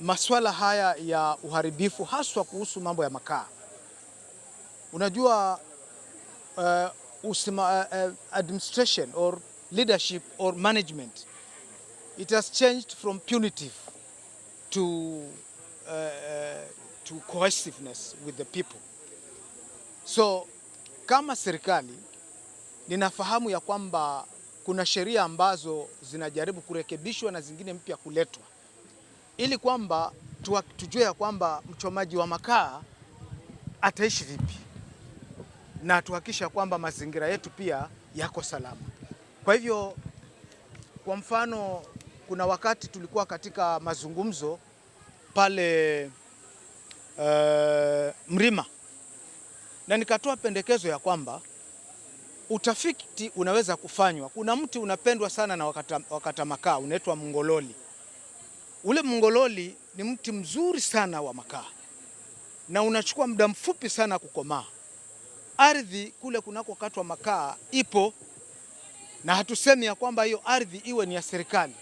masuala haya ya uharibifu haswa kuhusu mambo ya makaa. Unajua uh, usima, uh, administration or leadership or management it has changed from punitive to, uh, to coerciveness with the people. So kama serikali ninafahamu ya kwamba kuna sheria ambazo zinajaribu kurekebishwa na zingine mpya kuletwa ili kwamba tujue ya kwamba mchomaji wa makaa ataishi vipi na tuhakisha kwamba mazingira yetu pia yako salama. Kwa hivyo, kwa mfano, kuna wakati tulikuwa katika mazungumzo pale uh, Mrima na nikatoa pendekezo ya kwamba utafiti unaweza kufanywa. Kuna mti unapendwa sana na wakata, wakata makaa unaitwa mngololi. Ule mngololi ni mti mzuri sana wa makaa na unachukua muda mfupi sana kukomaa. Ardhi kule kunakokatwa makaa ipo, na hatusemi ya kwamba hiyo ardhi iwe ni ya serikali.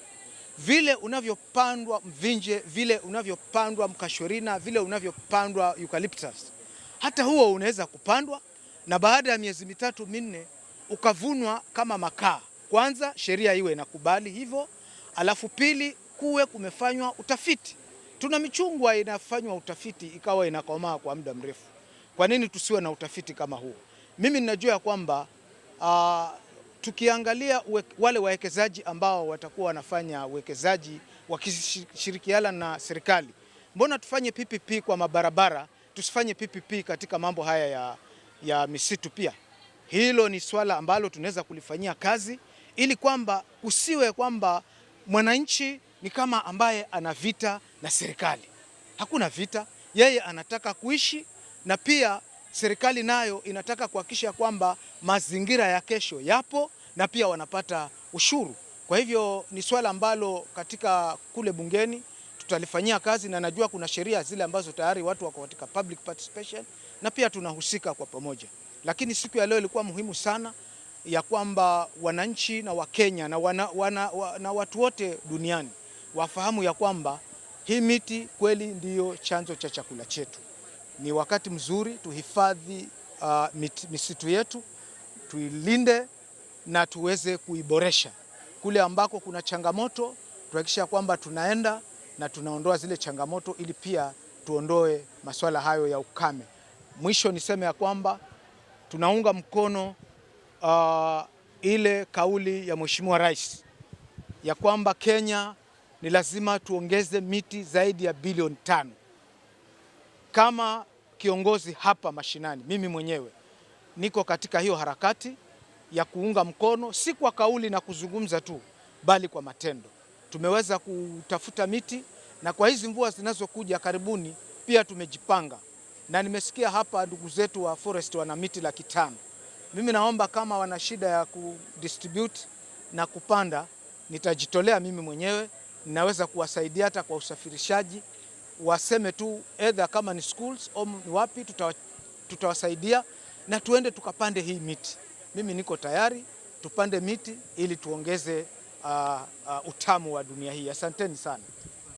Vile unavyopandwa mvinje, vile unavyopandwa mkashorina, vile unavyopandwa eucalyptus, hata huo unaweza kupandwa na baada ya miezi mitatu minne ukavunwa kama makaa. Kwanza sheria iwe inakubali hivyo, alafu pili kuwe kumefanywa utafiti. Tuna michungwa inafanywa utafiti ikawa inakomaa kwa muda mrefu. Kwa nini tusiwe na utafiti kama huo? Mimi ninajua ya kwamba uh, tukiangalia uwe, wale wawekezaji ambao watakuwa wanafanya uwekezaji wakishirikiana na serikali, mbona tufanye PPP kwa mabarabara, tusifanye PPP katika mambo haya ya, ya misitu pia? Hilo ni swala ambalo tunaweza kulifanyia kazi ili kwamba usiwe kwamba mwananchi ni kama ambaye ana vita na serikali. Hakuna vita, yeye anataka kuishi na pia serikali nayo inataka kuhakikisha kwamba mazingira ya kesho yapo na pia wanapata ushuru. Kwa hivyo ni swala ambalo katika kule bungeni tutalifanyia kazi, na najua kuna sheria zile ambazo tayari watu wako katika public participation na pia tunahusika kwa pamoja, lakini siku ya leo ilikuwa muhimu sana ya kwamba wananchi na Wakenya na, wana, wana, wana, na watu wote duniani wafahamu ya kwamba hii miti kweli ndiyo chanzo cha chakula chetu. Ni wakati mzuri tuhifadhi uh, misitu yetu, tuilinde na tuweze kuiboresha. Kule ambako kuna changamoto, tuhakikisha kwamba tunaenda na tunaondoa zile changamoto, ili pia tuondoe masuala hayo ya ukame. Mwisho niseme ya kwamba tunaunga mkono uh, ile kauli ya Mheshimiwa Rais ya kwamba Kenya ni lazima tuongeze miti zaidi ya bilioni tano. Kama kiongozi hapa mashinani, mimi mwenyewe niko katika hiyo harakati ya kuunga mkono, si kwa kauli na kuzungumza tu, bali kwa matendo. Tumeweza kutafuta miti na kwa hizi mvua zinazokuja karibuni pia tumejipanga, na nimesikia hapa ndugu zetu wa forest wana miti laki tano. Mimi naomba kama wana shida ya kudistribute na kupanda, nitajitolea mimi mwenyewe naweza kuwasaidia hata kwa usafirishaji, waseme tu either kama ni schools au ni wapi, tutawasaidia tuta na tuende tukapande hii miti. Mimi niko tayari tupande miti ili tuongeze uh, uh, utamu wa dunia hii. Asanteni sana.